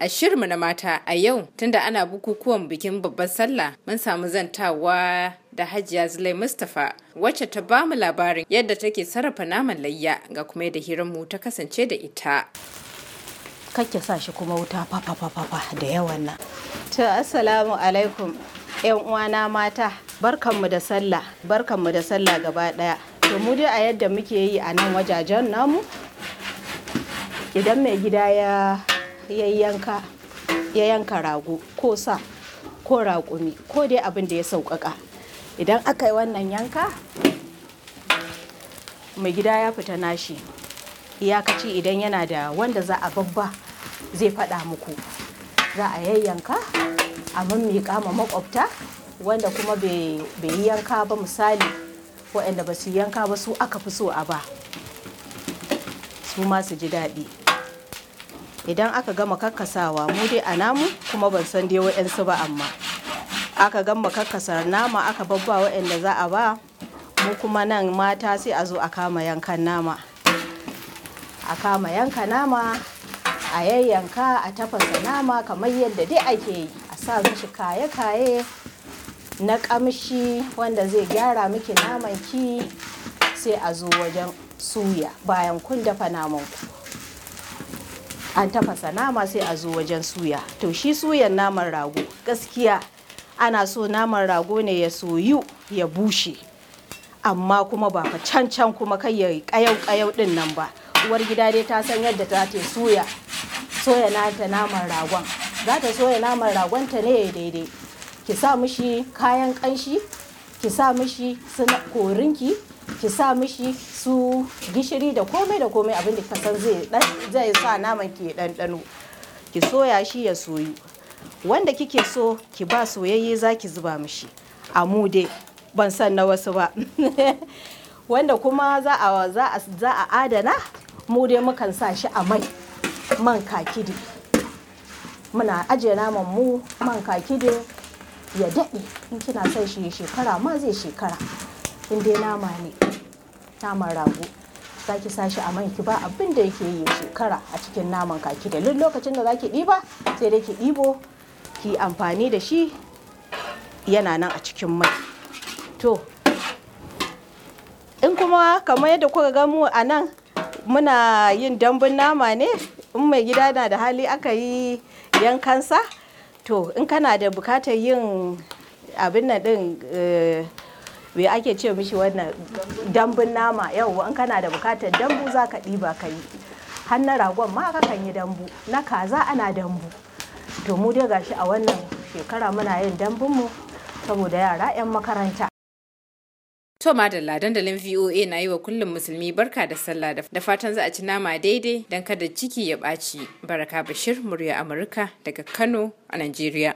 A shirmu na mata a yau tunda ana bukukuwan bikin babban sallah mun samu zantawa da Hajiya Zulai Mustapha wacce ta ba mu labarin yadda take sarrafa naman layya ga kuma yadda hiranmu ta kasance da ita. Kake sa shi kuma wuta fafafafafa da yawan nan. To assalamu alaikum yan uwana mata barkanmu da sallah barkanmu da sallah gaba daya. To mu dai a yadda muke yi a nan wajajen namu idan mai gida ya ya yanka rago ko sa ko raƙumi ko dai abin da ya sauƙaƙa idan aka yi wannan yanka mai gida ya fita nashi iyakaci idan yana da wanda za a babba zai faɗa muku za a yayyanka a mimmiƙa ma makwabta wanda kuma bai yi yanka ba misali waɗanda ba su yanka ba su aka fi so a ba su ma su ji daɗi idan aka gama kakkasawa mu dai a namu kuma ban san dai wa'yansu ba amma aka gama kakkasa nama aka babba wa'yanda za a ba mu kuma nan mata sai a zo a kama yankan nama a kama yanka nama a yayyanka a tafasa nama kamar yadda dai ake yi a sa mishi kaye-kaye na kamshi wanda zai gyara miki naman ki sai a zo wajen suya bayan kun dafa naman an tafasa nama sai a zo wajen suya to shi suyan naman rago gaskiya ana so naman rago ne ya soyu ya bushe amma kuma ba fa can can kuma kai ya kayau kayau din nan ba uwar gida dai ta san yadda ta ta soya soya nata naman ragon za ta soya naman ragon ta ne daidai ki sa mishi kayan kanshi ki sa mishi korinki ki sa mishi su gishiri da komai da komai abin da ka san zai sa naman ki ɗanɗano ki soya shi ya soyu wanda kike so ki ba soyayye za ki zuba mishi a mude ban san na wasu ba wanda kuma za a za a adana mu dai mukan sa shi a mai man kakidi muna ajiye naman mu man kakidi ya daɗe in kina son shi shekara ma zai shekara in dai nama ne naman rago za ki sa shi a man ki ba abin da yake yi shekara a cikin naman kaki da lokacin da za ki ɗiba sai dai ki ɗibo ki amfani da shi yana nan a cikin mai to in kuma kamar yadda kuka ga mu a nan muna yin dambun nama ne in mai gida na da hali aka yi yankansa to in kana da bukatar yin abin nan din eh, we ake ce mishi wannan dambun nama yau in kana da bukatar dambu za ka ɗiba ka yi ragon ma aka kan yi dambu na kaza ana dambu to mu dai gashi a wannan shekara muna yin dambunmu saboda yara 'yan makaranta To madalla dandalin VOA na yi wa kullum musulmi barka da sallah da fatan za a ci nama daidai don kada ciki ya ɓaci. Baraka Bashir, murya Amurka daga Kano a Najeriya.